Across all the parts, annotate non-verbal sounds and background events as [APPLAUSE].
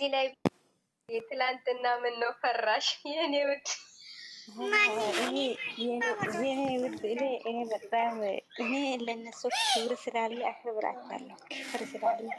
እዚህ ላይ ትላንትና ምን ነው ፈራሽ? የኔ ውድ የኔ ውድ እኔ በጣም እኔ ለነሱ ክብር ስላለ አክብራታለሁ። ክብር ስላለ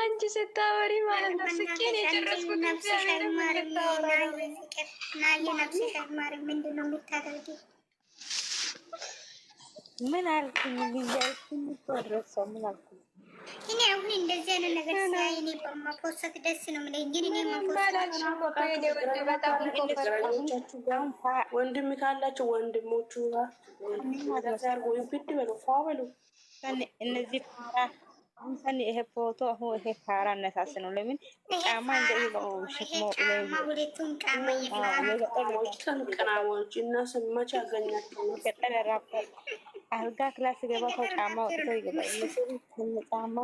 አንቺ ስታወሪ ማለት ነው ስቄን የጨረስኩት እግዚአብሔር ምንድነው የምታደርጊ ምን አልኩኝ? ሊያልኩኝ ተወረሰው ምን አልኩኝ? እኔ አሁን እንደዚህ አይነት ነገር ሳይ እኔ በማፖስት ደስ ነው የምልህ። ግን እኔ ወንድም ካላቸው ወንድሞቹ ግድ በለው ፏ በሉ እነዚህ አንተን ይሄ ፎቶ አሁን ይሄ ካራ አነሳስ ነው። ለምን ጫማ እንደዚህ ነው ቀናዎች እና ስማች ያገኛቸው ገጠር ራባ አልጋ ክላስ ገባ እኮ ጫማ ወጥቶ ይገባል። ጫማ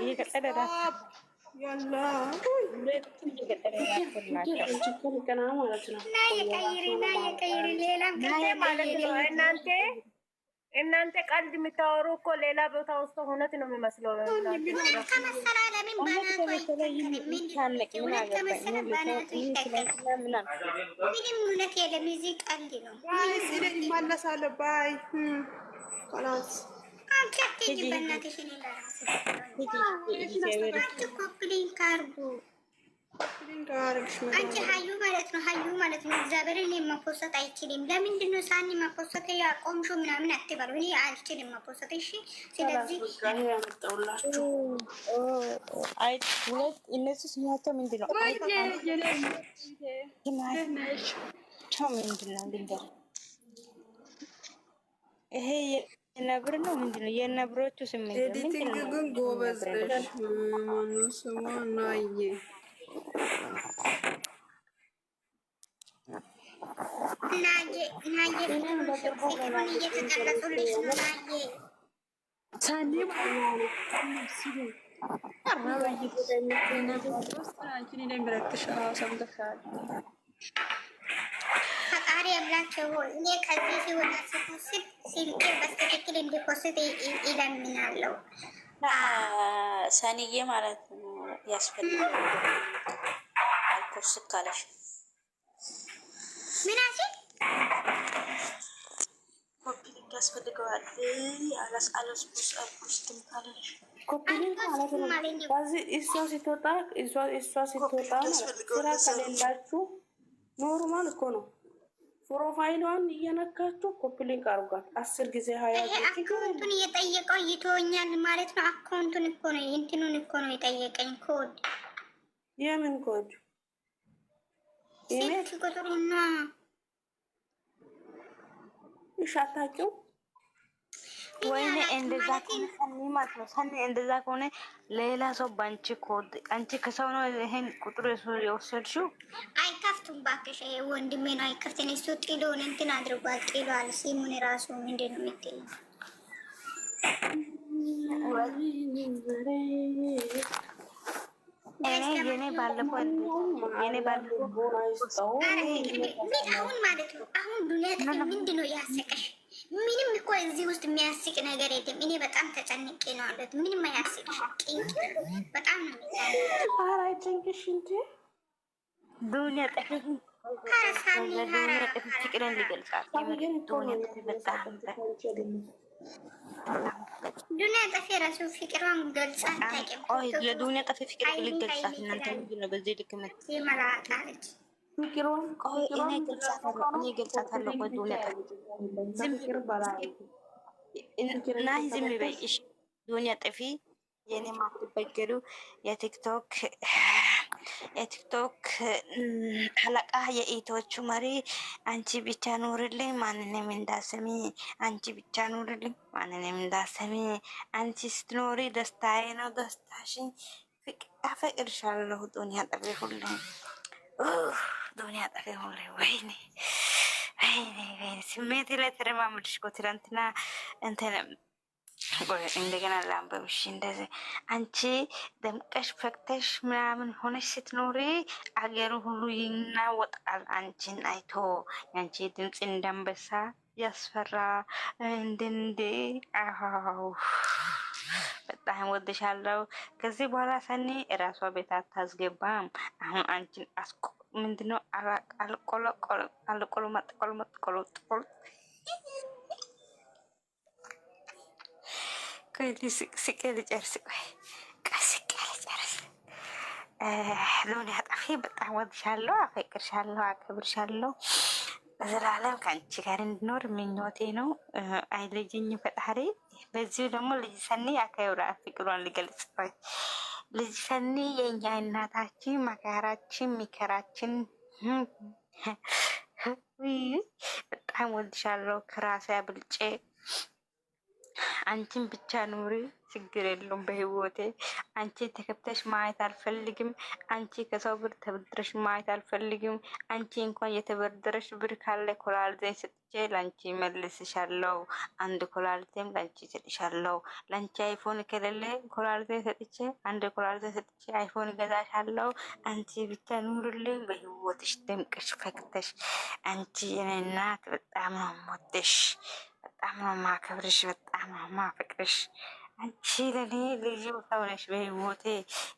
እየቀጠለ ማለት ነው። እናንተ ቀልድ የምታወሩ እኮ ሌላ ቦታ ውስጥ እውነት ነው የሚመስለው። ምንም እውነት አንቺ ሀዩ ማለት ነው። ሀዩ ማለት ነው። እግዚአብሔርን መፖሰት አይችልም። ለምንድን ነው ሳኒ መፖሰት ያቆምሹ? ምናምን አትበሉ። እኔ አልችልም መፖሰት። እሺ፣ ስለዚህ ያመጣውላችሁ እነሱ ስማቸው ምንድን ነው? ስማቸው ምንድን ነው? ልንገር፣ ይሄ የነብር ነው። ምንድን ነው የነብሮቹ ስሜት? ኤዲቲንግ ግን ጎበዝ ነሽ። ማነው ስሟ ናየ ፈጣሪ ያላቸው እኔ ከዚህ ሲወጣ ሲኮስድ ሲልቅ በትክክል እንዲኮስድ ይለምናለው። ሰኒዬ ማለት ነው ያስፈልጋል። አልኮስድ ካለሽ ምናችን ያስፈልገዋል። አላስ እሷ ስትወጣ እሷ ስትወጣ ስራ ከሌላችሁ ኖርማል እኮ ነው። ፕሮፋይሏን እየነካችሁ ኮፕሊንክ አርጓት አስር ጊዜ ሀያ አካውንቱን እየጠየቀው ይተወኛል ማለት ነው። አካውንቱን እኮ ነው እንትኑን እኮ ነው የጠየቀኝ። ኮድ የምን ኮድ? ስልክ ቁጥሩና እሺ አታውቂውም ወይኔ እንደዛ ከሆነ ማለት ነው። ሰኒ እንደዛ ከሆነ ሌላ ሰው ባንቺ ኮድ አንቺ ከሰው ነው ይሄን ቁጥር የወሰድሽው። አይከፍቱም ባክሽ፣ ይሄ ወንድሜ ነው አይከፍትን እሱ ጥሎን እንትን አድርጓል፣ ጥሏል። ሲሙን ራሱ ምንድን ነው የሚገኘው? የኔ ባለፈው የኔ ባለፈው አሁን ማለት ነው አሁን ዱኒያ ምንድን ነው ያሰቀሽ የሚገባበት ምንም አያስቅ በጣም ፍቅሯን ገልጻ ዝም በይ እሺ ዱንያ ጥፊ የኔ ማትበገሪው የቲክቶክ የቲክቶክ አለቃ የኢቶቹ መሪ አንቺ ብቻ ኑርልኝ፣ ማንንም እንዳሰሚ። አንቺ ብቻ ኑርልኝ፣ ማንንም እንዳሰሚ። አንቺ ስትኖሪ ደስታዬ ነው፣ ደስታሽን አፈቅርሻለሁ። ዱንያ ጠፊ ሁልኝ፣ ዱንያ ጠፊ ሁልኝ። ወይኔ ወይኔ ወይኔ ስሜት ላይ ተረማምድሽ እኮ ትላንትና እንትን እንደገና ላንበብሽ እንደዚህ አንቺ ደምቀሽ ፈክተሽ ምናምን ሆነሽ ስትኖሪ አገሩ ሁሉ ይናወጣል። አንቺን አይቶ የአንቺ ድምፅ እንዳንበሳ ያስፈራ። እንድንዴ አው በጣም ወድሻለሁ። ከዚህ በኋላ ሰኒ እራሷ ቤት አታስገባም። አሁን አንቺን አስቆ ምንድነው አልቆሎ አልቆሎ መጥቆሎ መጥቆሎ ጥቆሎ ስቄ ልጨርስ። ቆይ ቀስቄ ልጨርስ። ሎን ያጠፊ በጣም ወድሻለሁ፣ አፈቅርሻለሁ፣ አከብርሻለሁ። ዘላለም ከአንቺ ጋር እንድኖር ምኞቴ ነው። አይለጅኝ ፈጣሪ። በዚሁ ደግሞ ልጅ ሰኒ አከብራ ፍቅሯን ሊገልጽ ልጅ ሰኒ የእኛ እናታችን፣ መካራችን፣ ሚከራችን በጣም ወድሻለሁ ከራሴ አብልጬ አንቺን ብቻ ኑሪ፣ ችግር የለውም በህይወቴ። አንቺ ተከብተሽ ማየት አልፈልግም። አንቺ ከሰው ብር ተበድረሽ ማየት አልፈልግም። አንቺ እንኳን የተበደረሽ ብር ካለ ኮላልዜን ሰጥቼ ለአንቺ መልስሻለው። አንድ ኮላልዜም ለአንቺ ሰጥሻለው። ለአንቺ አይፎን ከሌለ ኮላልዜን ሰጥቼ አንድ ኮላልዜን ሰጥቼ አይፎን ገዛሻለው። አንቺ ብቻ ኑርልኝ በህይወትሽ ደምቀሽ ፈክተሽ። አንቺ የኔ እናት በጣም ነው የምወድሽ። በጣም ነው የማከብርሽ፣ በጣም ነው የማፈቅርሽ። አንቺ ለኔ ልዩ ሰው ነሽ፣ በህይወቴ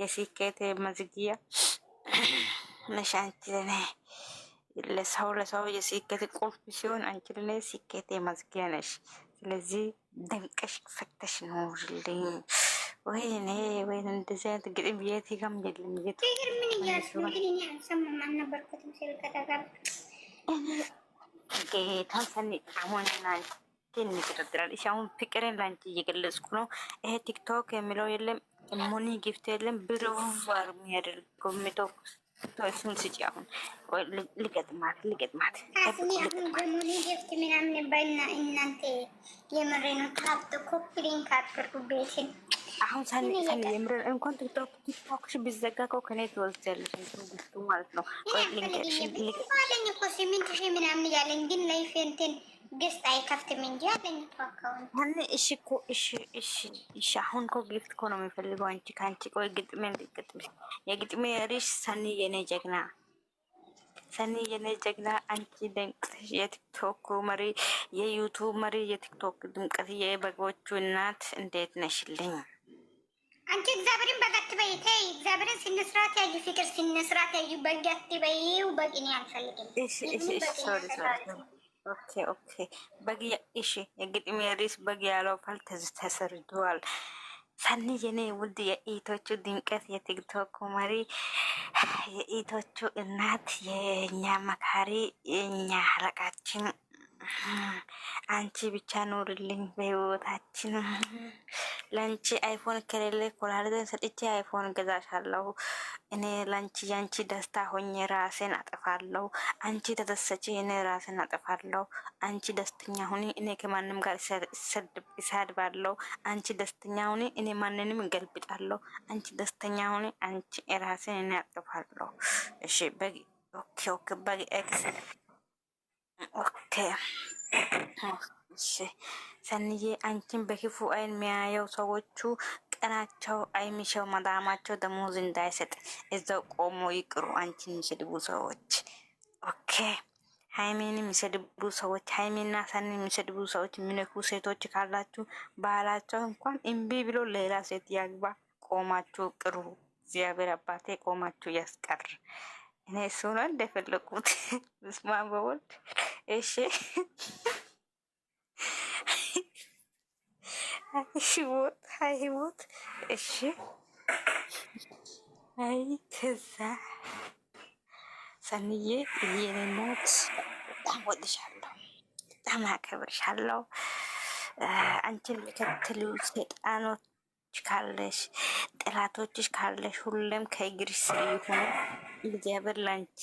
የስኬቴ መዝጊያ ነሽ። አንቺ ለኔ ለሰው ለሰው የስኬቴ ቁልፍ ሲሆን አንቺ ለኔ ስኬቴ መዝጊያ ነሽ። ስለዚህ ደንቀሽ ፈክተሽ ኖርልኝ። ወይኔ ወይኔ እንደዚህ አይነት ግጥም የት ጋም የለም። የት ምን ሰኒ ጣሞንናንቺ ይህን ይደረድራል። እሺ አሁን ፍቅርን ላንቺ እየገለጽኩ ነው። ይሄ ቲክቶክ የሚለው የለም፣ ሞኒ ጊፍት የለም። ብሩን ዋር የሚያደርገው የሚተኩስ እሱን ስጪ። አሁን ልገጥማት ልገጥማት አስኒ አሁን ጊፍት ምናምን ባይና እናንተ የምሬ ነው። ታብቶ ኮፕሊን ካርዱ ቤትን አሁን ሳኒ ሳኒ የምሬ እንኳን ቲክቶክ ቲክቶክሽ ቢዘጋ እኮ ከኔ ትወስጃለሽ። ማለት ነው። ቆይ ልንገርሽ ልንገርሽ ማለት ነው። ስምንት ሺህ ምናምን ያለኝ ግን ላይፍ እንትን ግስት አይከፍትም እንጂ አለኝ እኮ አካውንት። እሺ እኮ እሺ እሺ እሺ። አሁን እኮ ጊፍት እኮ ነው የሚፈልገው። አንቺ ከአንቺ ቆይ ግጥሜ ግጥሜ የግጥሜ ርዕስ ሰኒ የኔ ጀግና፣ ሰኒ የኔ ጀግና፣ አንቺ ድምቀት፣ የቲክቶክ መሪ፣ የዩቱብ መሪ፣ የቲክቶክ ድምቀት፣ የበጎቹ እናት እንዴት ነሽልኝ? አንቺ እግዚአብሔርን በቀት በይ ተይ። እግዚአብሔርን ስነስርዓት ያዩ ፍቅር ስነስርዓት ያዩ በቀት በይው። በቂኔ አልፈልግም ok ok bagiya ishee gadi miilis bagiya loofan tasiru du'an sannii jennee waldi yaa'itachuu dhinqas yaa tiktook kumarii [SIGHS] yaa'itachuu ilmaat nyaa makaarii nyaa raqaachiin. አንቺ ብቻ ኑርልኝ በህይወታችን። ለአንቺ አይፎን ከሌለ ኮላርዘን ሰጥቼ አይፎን ገዛሻለሁ። እኔ ለአንቺ የአንቺ ደስታ ሆኜ ራሴን አጠፋለሁ። አንቺ ተደሰች፣ እኔ ራሴን አጠፋለሁ። አንቺ ደስተኛ ሁኒ፣ እኔ ከማንም ጋር ይሳድባለሁ። አንቺ ደስተኛ ሁኒ፣ እኔ ማንንም ገልብጣለሁ። አንቺ ደስተኛ ሁኒ፣ አንቺ ራሴን እኔ አጠፋለሁ። እሺ በግ ኦኬ ኦኬ በግ ኤክስ ኦኬ እሺ ሰንዬ አንቺን በክፉ አይን የሚያየው ሰዎቹ ቀናቸው አይሚሸው መዳማቸው ደሞዝ እንዳይሰጥ እዛው ቆሞ ይቅሩ። አንቺን የሚሰድቡ ሰዎች ኦኬ ሃይሜን የሚሰድቡ ሰዎች ሃይሜና ሰንን የሚሰድቡ ሰዎች የሚነኩ ሴቶች ካላችሁ ባህላቸው እንኳን እምቢ ብሎ ሌላ ሴት ያግባ። ቆማችሁ ቅሩ። እግዚአብሔር አባቴ ቆማችሁ ያስቀር። እኔ እሱን እንደፈለኩት ምስማን በወልድ እሺ ሽሞት ሃይሞት እሺ። አይ ከዛ ሰንዬ የኔ እናት በጣም ወድሻለሁ፣ በጣም አከብርሻለሁ። አንቺን የሚከተሉ ሰይጣኖች ካለሽ፣ ጠላቶችሽ ካለሽ ሁሉም ከእግርሽ ስር ይሁኑ። እግዚአብሔር ላንቺ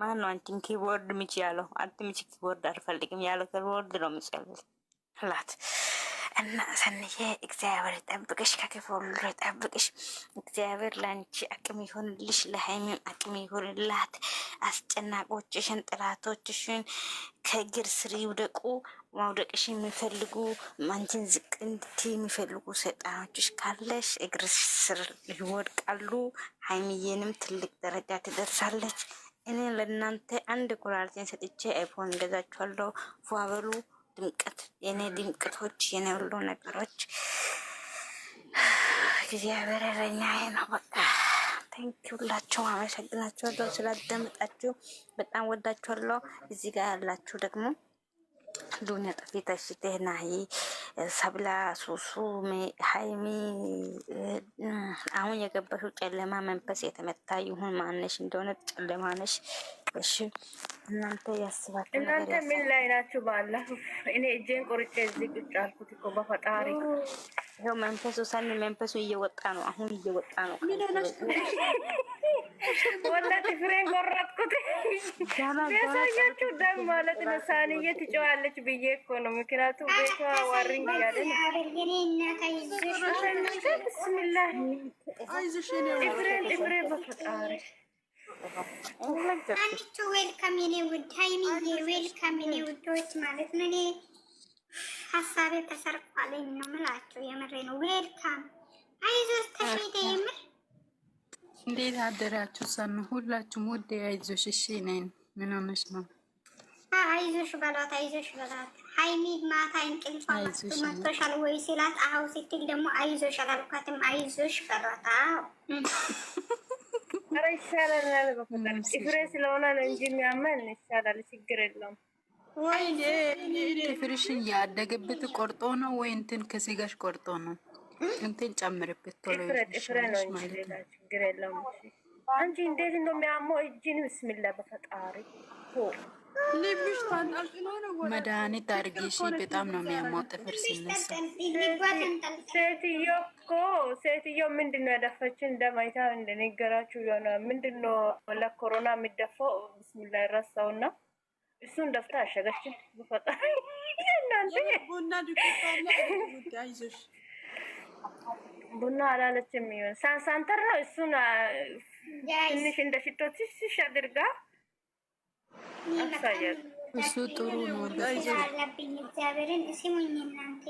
ማን ነው አንቺን ኪቦርድ ምች ያለው? አንቺ ምች ኪቦርድ አልፈልግም ያለው ኪቦርድ ነው እና ሰንዬ እግዚአብሔር ጠብቅሽ፣ ከክፉ ሁሉ ጠብቅሽ። እግዚአብሔር ለአንቺ አቅም ይሁንልሽ፣ ለሀይሚም አቅም ይሁንላት። አስጨናቆችሽን፣ ጥላቶችሽን ከእግር ስር ይውደቁ። ማውደቅሽ የሚፈልጉ አንቺን ዝቅ እንድትይ የሚፈልጉ ሰይጣኖችሽ ካለሽ እግር ስር ይወድቃሉ። ሀይሚዬንም ትልቅ ደረጃ ትደርሳለች። እኔ ለእናንተ አንድ ኩራርቴን ሰጥቼ አይፎን ገዛችኋለሁ። ፏበሉ ድምቀት የኔ ድምቀቶች የኔ ሁሉ ነገሮች እግዚአብሔር ረኛ ነው። በቃ ታንኪ ሁላችሁ አመሰግናችኋለሁ ስላደመጣችሁ በጣም ወዳችኋለሁ። እዚህ ጋር ያላችሁ ደግሞ ዱንያ ጠፊታሽ ናሂ ሰብላ ሱሱ ሀይሚ አሁን የገባሽው ጨለማ መንፈስ የተመታ ይሁን ማነሽ እንደሆነ ጨለማ ነሽ እሺ እናንተ ያስባችሁ እናንተ ምን ላይ ናችሁ? ባላ እኔ እጄን ቆርጬ እዚህ ቁጭ አልኩት እኮ በፈጣሪ ይኸው መንፈሱ ሰኒ መንፈሱ እየወጣ ነው፣ አሁን እየወጣ ነው። ወላ ጥፍሬን ቆረጥኩት። ያሳያችሁ ደም ማለት ነው። ሳንዬ ትጨዋለች ብዬ እኮ ነው። ምክንያቱም ቤቷ ዋሪኝ እያለ ብስሚላ ጥፍሬን ጥፍሬ በፈጣሪ አንቺ ዌልካም የኔ ውድ ሀይሚዬ፣ ዌልካም የኔ ውዶች ማለት ነው። እኔ ሀሳቤ ተሰርቋለኝ ነው የምላቸው፣ የምሬ ነው። ዌልካም አይዞሽ ተሄደ የምር እንዴት አደራችሁ? ሰኑ ሁላችሁም ውድ አይዞሽ። እሺ ነኝ ምን ሆነሽ ነው? አይዞሽ በላት፣ አይዞሽ በላት። ሀይሚ ማታ እንቅልፍ መጥቶሻል ወይ ሲላት አዎ ስትል ደግሞ አይዞሽ አላልኳትም አይዞሽ በላት። አዎ [LAUGHS] ኧረ ይሻላል። በፈጠረ ፍሬ ስለሆነ ነው እንጂ የሚያመን ይሻላል። ችግር የለውም። ወይኔ ፍርሽ እያደገበት ቆርጦ ነው ወይ እንትን ከስጋሽ ቆርጦ ነው እንትን ጨምርበት ቶሎ ችግር የለውም። አንቺ እንዴት እንደሚያመው እጅን ብስሚላ በፈጣሪ መድኃኒት አድርጊ። እሺ፣ በጣም ነው የሚያማው ጥፍር ሲነሳ። ሴትዮ እኮ ሴትዮ ምንድን ነው ያደፈችን? እንደማይታ እንደነገራችሁ የሆነ ምንድን ነው ለኮሮና የሚደፋው ብስሚላ ረሳው እና እሱን ደፍታ አሸገችን። በፈጣሪ ቡና አላለችም። ሳንሳንተር ነው እሱን ትንሽ እንደ ሽቶ ትሽሽ አድርጋ እሱ ጥሩ ነው። ስራ አለብኝ፣ እግዚአብሔርን ስሙኝ እናንተ፣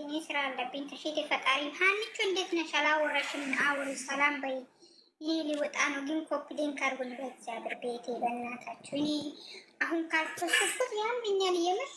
እኔ ሊወጣ ነው፣ ግን ኮፕዴን ካርጉን በእግዚአብሔር ቤቴ፣ በእናታችሁ እኔ አሁን ካልኮሰኩት ያምኛል የምር